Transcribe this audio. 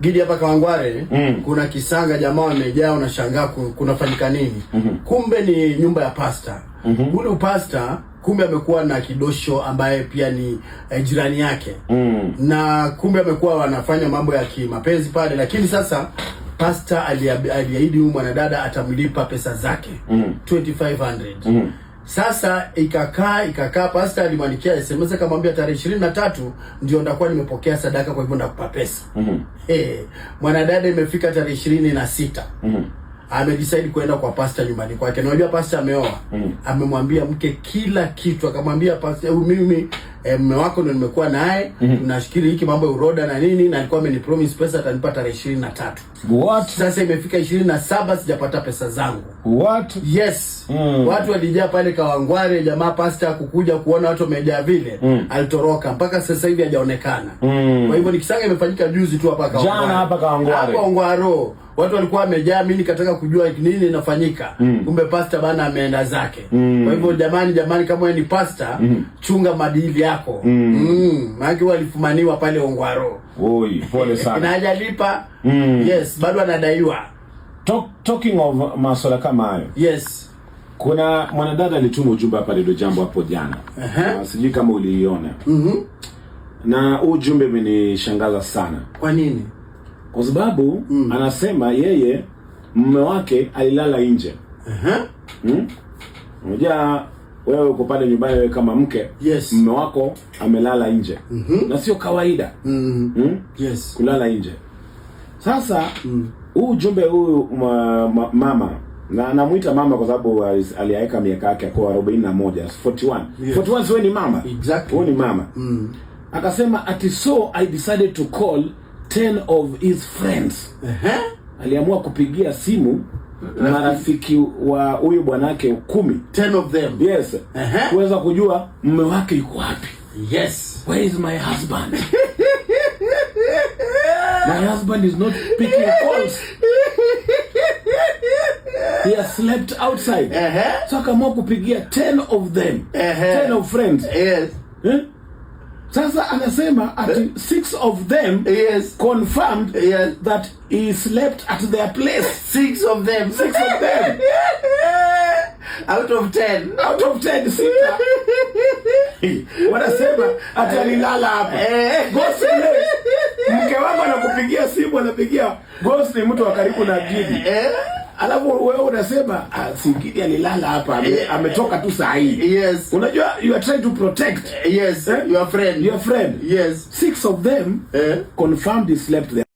Gidi hapa Kawangware mm. kuna kisanga jamaa wamejaa, unashangaa kunafanyika nini? mm -hmm. Kumbe ni nyumba ya pasta mm -hmm. Ule kumbe amekuwa na kidosho ambaye pia ni eh, jirani yake mm. na kumbe amekuwa wanafanya mambo ya kimapenzi pale, lakini sasa pasta aliahidi huyu mwanadada atamlipa pesa zake mm. 2500 mm. Sasa ikakaa ikakaa, pasta alimwandikia SMS akamwambia tarehe ishirini na tatu ndio ndakuwa nimepokea sadaka, kwa hivyo ndakupa pesa. mm -hmm. Hey, mwanadada imefika tarehe ishirini na sita mm -hmm. Amedecide kwenda kwa pasta nyumbani kwake. Unajua pasta ameoa. Mm. Amemwambia mke kila kitu. Akamwambia pasta, mimi e, mume wako ndio nimekuwa naye. Mm. Tunashikiri hiki mambo ya uroda na nini na alikuwa promise pesa atanipa tarehe 23. What? Sasa imefika 27 sijapata pesa zangu. What? Yes mm. watu walijaa pale Kawangware, jamaa pasta kukuja kuona watu wamejaa vile mm. alitoroka mpaka sasa hivi hajaonekana mm. kwa hivyo ni kisanga imefanyika juzi tu hapa Kawangware, watu walikuwa wamejaa, mimi nikataka kujua nini inafanyika mm. kumbe pasta bana ameenda zake mm. kwa hivyo jamani, jamani, kama wewe ni pasta mm. chunga madili yako mm. mm. maana walifumaniwa pale Ongwaro. Oi, pole sana na hajalipa mm. yes, bado anadaiwa. Talk, talking of masuala kama hayo yes kuna mwanadada alituma ujumbe hapa Redio Jambo hapo jana. uh ah, -huh. Sijui kama uliiona. uh mhm. -huh. Na huu ujumbe umenishangaza sana. Kwa nini? Kwa sababu -huh. Mm. anasema yeye mume wake alilala nje. uh -huh. hmm? wewe uko pale nyumbani, wewe kama mke yes. mume wako amelala nje uh mhm. -huh. na sio kawaida mm -hmm. hmm? yes. kulala nje. Sasa mm. huu jumbe ujumbe huyu mama na anamwita mama kwa sababu aliaeka miaka yake kwa 41 41 yes. 41 wewe ni mama exactly. wewe ni mama mm. akasema ati so I decided to call 10 of his friends uh -huh. aliamua kupigia simu marafiki wa huyu bwanake kumi, 10 of them yes uh -huh. kuweza kujua mume wake yuko wapi yes where is my husband my husband is not picking calls he has slept outside uh -huh. so akaamua kupigia 10 of them uh -huh. 10 of friends yes. eh? Sasa anasema ati eh? six of them yes. confirmed yes. that he slept at their place. Six of them. Six of them. out of ten. Out of ten. Sita. Wanasema ati alilala hapa. Eh. Ghost mke wako anakupigia simu anapigia ghost ni mtu wa karibu na Gidi. Eh? Alafu wewe unasema ah, Singidi alilala hapa eh, eh, ametoka tu saa hii. Yes. Unajua you are trying to protect. Eh, yes. Eh? Your friend. Your friend. Yes. Six of them eh? confirmed he slept there.